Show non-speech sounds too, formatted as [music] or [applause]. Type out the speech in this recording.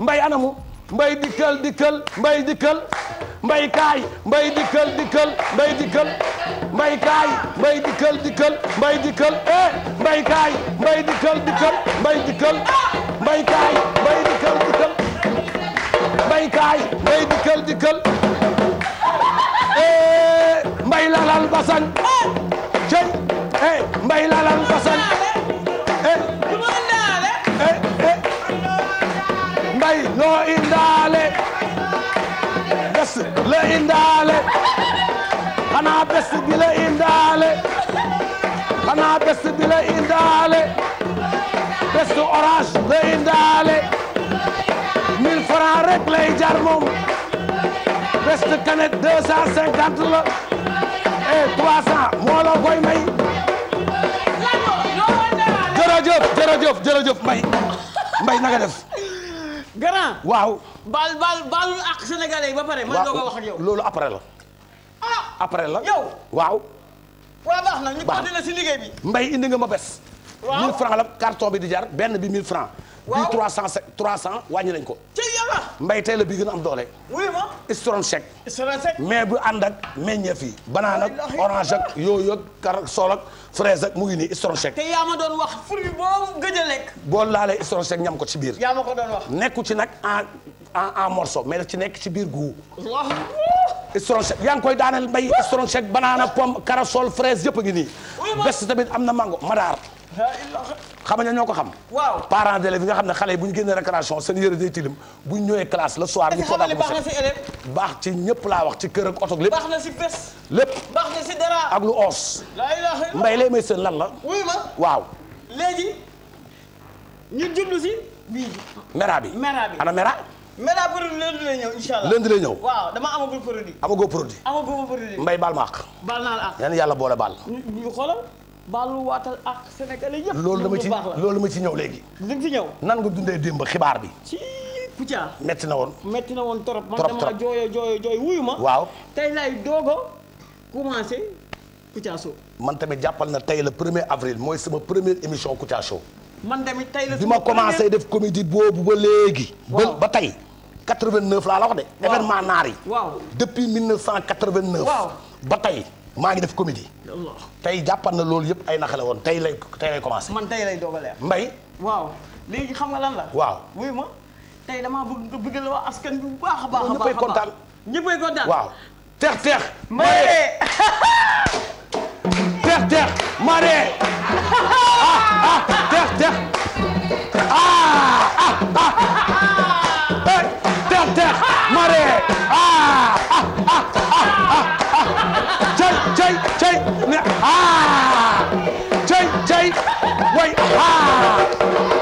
mbay anamu mbay dikkal dikkal mbay dikkal mbay kaay mbay dikkal dikkal mbay dikkal mbay kaay mbay dikkal dikkal mbay dikkal eh, dikkal dikkal mbay lalal basan cey eh mbay lalal basan doo la indaale xanaa la indaale xanaa bi la indaale bésu orange la indaale 1000 francs rek lay jar moom bés canette la et 300 may. jërëjëf jërëjëf jërëjëf Mbaye Mbaye def. grand waaw. baal baal baalul ak sénégalais yi ba pare. man doog a wax loolu après la. ah après la yow. waaw. waaw baax na ñu la si liggéey bi. mbay indi nga ma bes. waaw 1000 francs la carton bi di jar benn bi 1000 francs waaw bii 300 300 wàññi nañ ko. ci yàlla. mbay tey la bii gën am doole. wuy ma. istron chèque. istron mais bu ànd ak meññeef yi. banaan ak orange ak yooyu ak kar ak fraise mu ngi nii istron chèque. te yaa ma doon wax fruit boo gëj a bool boo laalee istron chèque ko ci biir. yaa ma ko doon wax. nekku ci nag en en en morceau mais daf ci nekk ci biir guu. waaw. istron yaa ngi koy daaneel mbay istron chèque banaan pomme corossol fraise yëpp a ngi nii. wuy tamit am na mango madaar. xam nga ñoo ko xam. waaw parents bi nga xam ne xale yi bu ñu génnee récréation seen yëre day tilim bu ñu ñëwee classe la soir. ñu soog a baax na ñëpp laa wax ci kër ak oto lépp. baax na si bés. lépp baax dara. ak lu oos. mbay lay may seen lan la. wuy ma waaw. léegi ñu jublu si. mera bi mera bi ana mera. mera produit lundi lay ñëw incha allah lay ñëw. waaw dama amagul produit. amagoo produit. amagoo mbay baal ma àq. baal naa la àq. yàlla boole baal. baalu waatal ak sénégal yëpp. loolu dama ci loolu dama ci ñëw léegi. dama ci ñëw. nan nga dundee démb xibaar bi. ci Kouthia. metti na woon. metti na woon trop man damaa jooyoo jooyoo jooy wuyu ma. waaw tey lay doog a commencé Kouthia Show. man tamit jàppal na tey la premier avril mooy sama première émission Kouthia man tamit tey la bi ma commencé def comédie boobu ba léegi. ba ba tey. 89 laa la wax de. waaw événement naar yi. waaw depuis 1989. waaw ba tey maa ngi def comédie. tey jàppan na loolu yëpp ay nax la woon tey lay tey commencé. man tey lay doog a leer. mbay. léegi xam nga lan la. waaw wuy ma tey damaa bëgg nga bëgg la wax askan bi bu baax a baax. ñëppay kontaan ñëppay kontaan. waaw teex teex. maye teex teex. maye [laughs] ah, ah. teex teex. cey cey ne ah cey cey way ah